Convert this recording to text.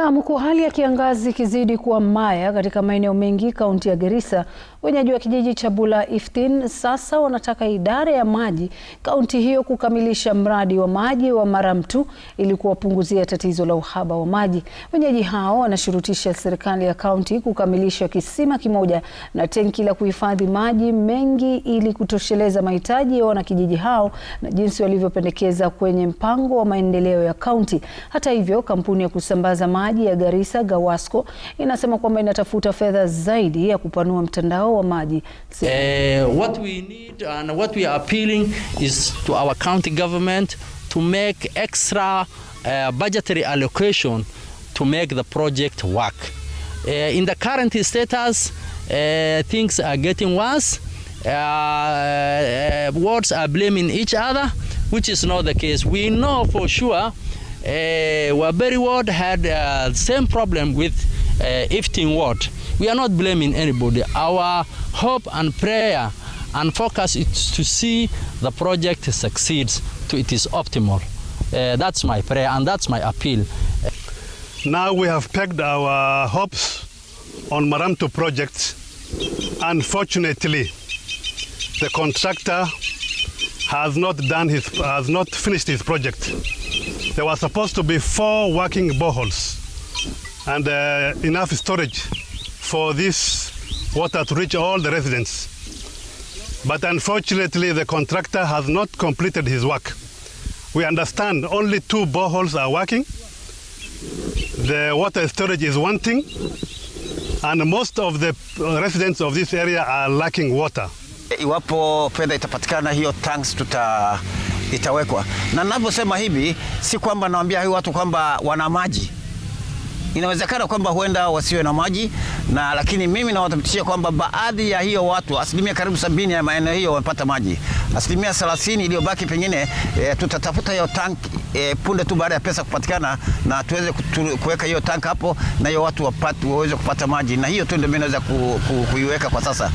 Na huku hali ya kiangazi ikizidi kuwa mbaya katika maeneo mengi kaunti ya Garissa, wenyeji wa kijiji cha Bula Iftin sasa wanataka idara ya maji kaunti hiyo kukamilisha mradi wa maji wa Maramtu ili kuwapunguzia tatizo la uhaba wa maji. Wenyeji hao wanashurutisha serikali ya kaunti kukamilisha kisima kimoja na tenki la kuhifadhi maji mengi ili kutosheleza mahitaji ya wanakijiji hao na jinsi walivyopendekeza kwenye mpango wa maendeleo ya kaunti. Hata hivyo, kampuni ya kusambaza maji maji ya Garissa GAWASCO inasema kwamba inatafuta fedha zaidi ya kupanua mtandao wa maji. Uh, what we need and what we are appealing is to our county government to make extra uh, budgetary allocation to make the project work. Uh, in the current status uh, things are getting worse. Uh, uh, words are blaming each other, which is not the case. We know for sure uh, eh, Waberi Ward had uh, same problem with uh, Ward. We are not blaming anybody. Our hope and prayer and focus is to see the project succeeds to it is optimal. Uh, that's my prayer and that's my appeal. Now we have pegged our hopes on Maramto project. Unfortunately, the contractor has not done his has not finished his project. There were supposed to be four working boreholes and uh, enough storage for this water to reach all the residents. But unfortunately, the contractor has not completed his work. We understand only two boreholes are working. The water storage is one thing, and most of the uh, residents of this area are lacking water. Iwapo fedha itapatikana, hiyo tanks tuta itawekwa. Na ninavyosema hivi, si kwamba nawambia hayo watu kwamba wana maji inawezekana kwamba huenda wasiwe na maji na, lakini mimi nawathibitisha kwamba baadhi ya hiyo watu, asilimia karibu sabini ya maeneo hiyo wamepata maji. Asilimia thelathini iliyobaki pengine e, tutatafuta hiyo tank e, punde tu baada ya pesa kupatikana na tuweze kuweka hiyo tank hapo na hiyo watu wapate waweze kupata maji, na hiyo tu ndio mimi naweza ku, ku, kuiweka kwa sasa.